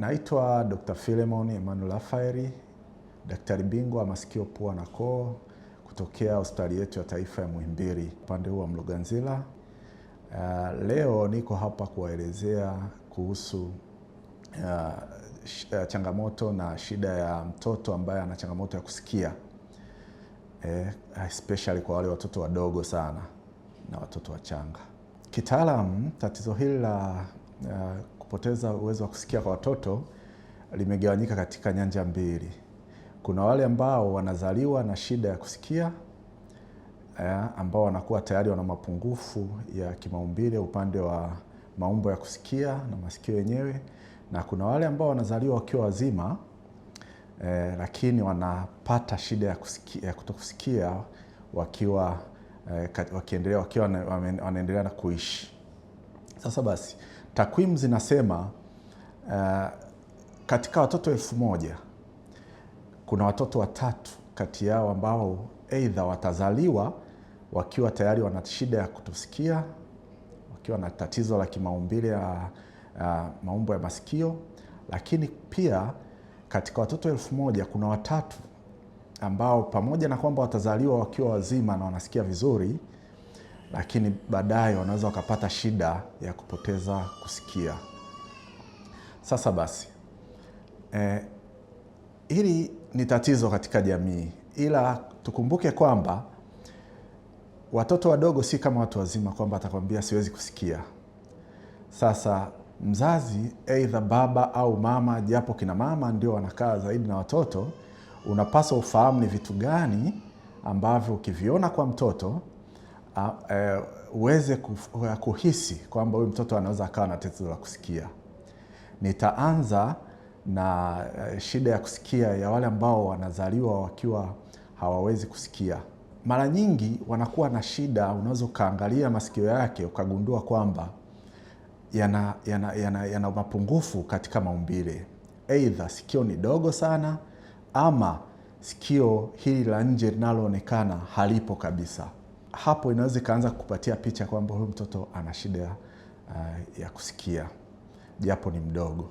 Naitwa Dr. Philemon Emmanuel Raphael, daktari bingwa wa masikio, pua na koo kutokea hospitali yetu ya taifa ya Muhimbili upande huu wa Mloganzila. Uh, leo niko hapa kuwaelezea kuhusu uh, uh, changamoto na shida ya mtoto ambaye ana changamoto ya kusikia eh, especially kwa wale watoto wadogo sana na watoto wachanga. Kitaalamu, tatizo hili la uh, kupoteza uwezo wa kusikia kwa watoto limegawanyika katika nyanja mbili. Kuna wale ambao wanazaliwa na shida ya kusikia eh, ambao wanakuwa tayari wana mapungufu ya kimaumbile upande wa maumbo ya kusikia na masikio yenyewe, na kuna wale ambao wanazaliwa wakiwa wazima eh, lakini wanapata shida ya kusikia, ya kutokusikia wakiwa eh, wakiendelea wakiwa wanaendelea na kuishi. Sasa basi Takwimu zinasema uh, katika watoto elfu moja kuna watoto watatu kati yao ambao eidha watazaliwa wakiwa tayari wana shida ya kutosikia wakiwa na tatizo la kimaumbile ya uh, maumbo ya masikio, lakini pia katika watoto elfu moja kuna watatu ambao pamoja na kwamba watazaliwa wakiwa wazima na wanasikia vizuri lakini baadaye wanaweza wakapata shida ya kupoteza kusikia. Sasa basi eh, hili ni tatizo katika jamii, ila tukumbuke kwamba watoto wadogo si kama watu wazima, kwamba atakwambia siwezi kusikia. Sasa mzazi, aidha baba au mama, japo kina mama ndio wanakaa zaidi na watoto, unapaswa ufahamu ni vitu gani ambavyo ukiviona kwa mtoto E, uweze uh, kuhisi kwamba huyu mtoto anaweza akawa na tatizo la kusikia. Nitaanza na uh, shida ya kusikia ya wale ambao wanazaliwa wakiwa hawawezi kusikia. Mara nyingi wanakuwa na shida, unaweza ukaangalia masikio yake ukagundua kwamba yana, yana, yana, yana mapungufu katika maumbile, aidha sikio ni dogo sana ama sikio hili la nje linaloonekana halipo kabisa hapo inaweza ikaanza kupatia picha kwamba huyu mtoto ana shida uh, ya kusikia japo ni mdogo.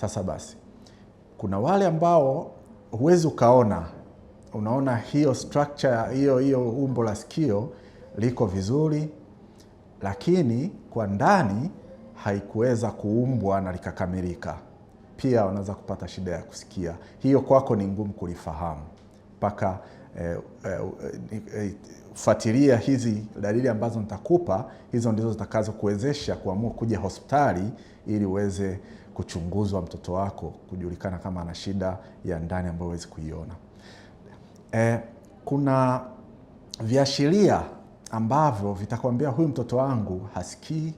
Sasa basi, kuna wale ambao huwezi ukaona, unaona hiyo structure hiyo hiyo umbo la sikio liko vizuri, lakini kwa ndani haikuweza kuumbwa na likakamilika. Pia wanaweza kupata shida ya kusikia. Hiyo kwako ni ngumu kulifahamu mpaka eh, eh, eh, eh kufuatilia hizi dalili ambazo nitakupa, hizo ndizo kuwezesha kuamua kuja hospitali ili uweze kuchunguzwa mtoto wako kujulikana kama ana shida ya ndani ambayo huwezi kuiona. E, kuna viashiria ambavyo vitakwambia huyu mtoto wangu hasikii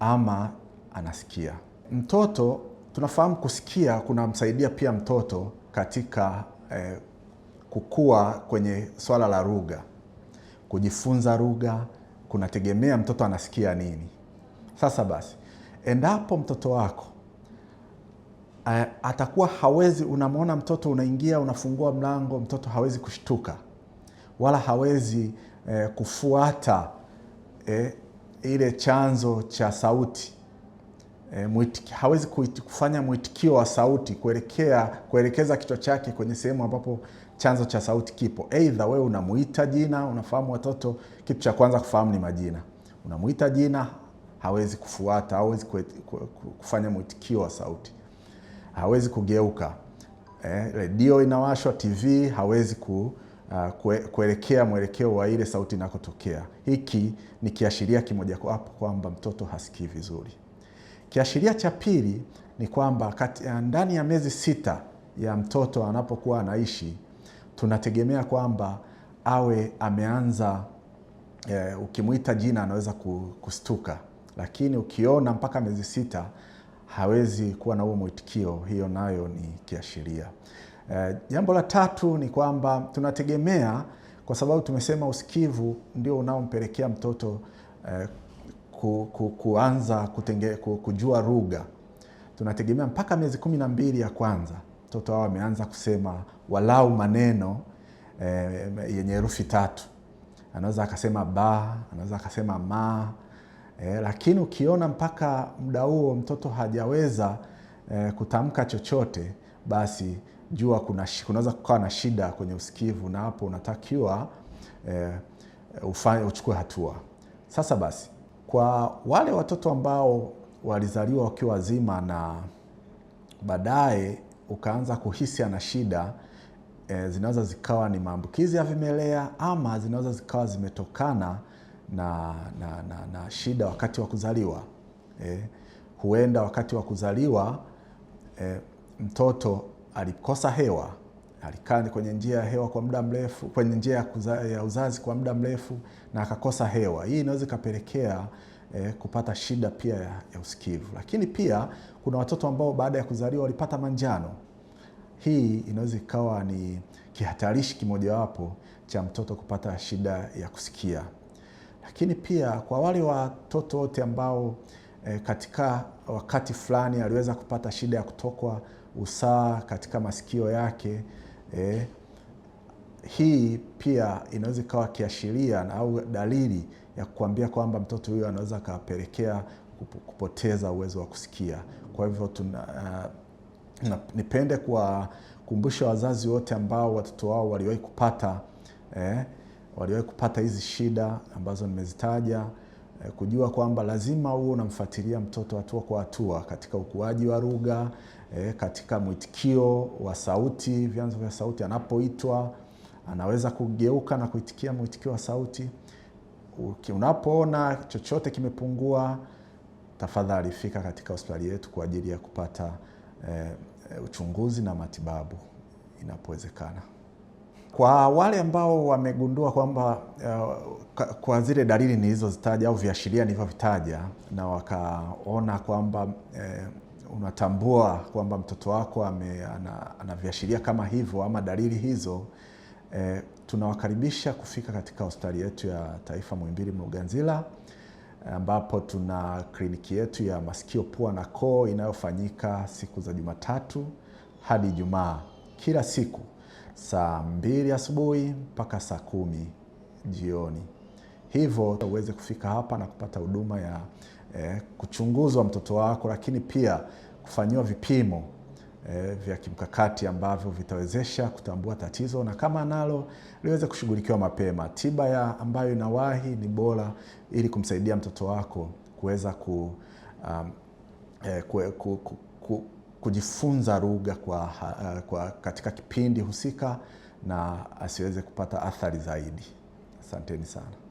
ama anasikia. Mtoto tunafahamu kusikia kunamsaidia pia mtoto katika e, kukua kwenye swala la lugha kujifunza lugha kunategemea mtoto anasikia nini. Sasa basi, endapo mtoto wako eh, atakuwa hawezi, unamwona mtoto unaingia, unafungua mlango, mtoto hawezi kushtuka wala hawezi eh, kufuata eh, ile chanzo cha sauti e, mwitiki, hawezi kuiti, kufanya mwitikio wa sauti kuelekea kuelekeza kichwa chake kwenye sehemu ambapo chanzo cha sauti kipo. Aidha wewe unamuita jina, unafahamu watoto, kitu cha kwanza kufahamu ni majina. Unamuita jina, hawezi kufuata, hawezi kufanya mwitikio wa sauti, hawezi kugeuka. Eh, redio inawashwa, TV hawezi ku, uh, kue, kuelekea mwelekeo wa ile sauti inakotokea. Hiki ni kiashiria kimojawapo kwamba mtoto hasikii vizuri. Kiashiria cha pili ni kwamba ndani ya miezi sita ya mtoto anapokuwa anaishi tunategemea kwamba awe ameanza e, ukimwita jina anaweza kustuka, lakini ukiona mpaka miezi sita hawezi kuwa na huo mwitikio, hiyo nayo ni kiashiria. E, jambo la tatu ni kwamba tunategemea, kwa sababu tumesema usikivu ndio unaompelekea mtoto e, ku, ku, kuanza kutenge, ku, kujua lugha tunategemea mpaka miezi kumi na mbili ya kwanza mtoto hao ameanza kusema walau maneno e, yenye herufi tatu. Anaweza akasema ba, anaweza akasema ma e, lakini ukiona mpaka muda huo mtoto hajaweza e, kutamka chochote, basi jua kuna kunaweza kukawa na shida kwenye usikivu, na hapo unatakiwa e, ufanye uchukue hatua. Sasa basi kwa wale watoto ambao walizaliwa wakiwa wazima na baadaye ukaanza kuhisi ana shida e, zinaweza zikawa ni maambukizi ya vimelea ama zinaweza zikawa zimetokana na, na, na, na shida wakati wa kuzaliwa e, huenda wakati wa kuzaliwa e, mtoto alikosa hewa alikaa kwenye njia ya hewa kwa muda mrefu, kwenye njia ya, uzazi kwa muda mrefu na akakosa hewa. Hii inaweza ikapelekea eh, kupata shida pia ya, ya usikivu. Lakini pia kuna watoto ambao baada ya kuzaliwa walipata manjano. Hii inaweza ikawa ni kihatarishi kimojawapo cha mtoto kupata shida ya kusikia. Lakini pia kwa wale watoto wote ambao eh, katika wakati fulani aliweza kupata shida ya kutokwa usaha katika masikio yake eh, hii pia inaweza ikawa kiashiria na au dalili ya kuambia kwamba mtoto huyo anaweza akapelekea kupoteza uwezo wa kusikia. Kwa hivyo tuna uh, na, nipende kuwakumbusha wazazi wote ambao watoto wao waliwahi kupata eh, waliwahi kupata hizi shida ambazo nimezitaja. Eh, kujua kwamba lazima huo unamfuatilia mtoto hatua kwa hatua katika ukuaji wa lugha e, katika mwitikio wa sauti, vyanzo vya sauti. Anapoitwa anaweza kugeuka na kuitikia mwitikio wa sauti. Unapoona chochote kimepungua, tafadhali fika katika hospitali yetu kwa ajili ya kupata e, uchunguzi na matibabu inapowezekana. Kwa wale ambao wamegundua kwamba uh, kwa zile dalili nilizozitaja au viashiria nilivyovitaja na wakaona kwamba eh, unatambua kwamba mtoto wako ame, ana, ana viashiria kama hivyo ama dalili hizo eh, tunawakaribisha kufika katika hospitali yetu ya Taifa Muhimbili Mloganzila ambapo tuna kliniki yetu ya masikio, pua na koo inayofanyika siku za Jumatatu hadi Ijumaa kila siku saa mbili asubuhi mpaka saa kumi jioni, hivyo uweze kufika hapa na kupata huduma ya eh, kuchunguzwa mtoto wako, lakini pia kufanyiwa vipimo eh, vya kimkakati ambavyo vitawezesha kutambua tatizo na kama analo liweze kushughulikiwa mapema. Tiba ya ambayo inawahi ni bora ili kumsaidia mtoto wako kuweza ku, um, eh, ku, ku, ku, ku kujifunza lugha kwa, uh, kwa katika kipindi husika na asiweze kupata athari zaidi. Asanteni sana.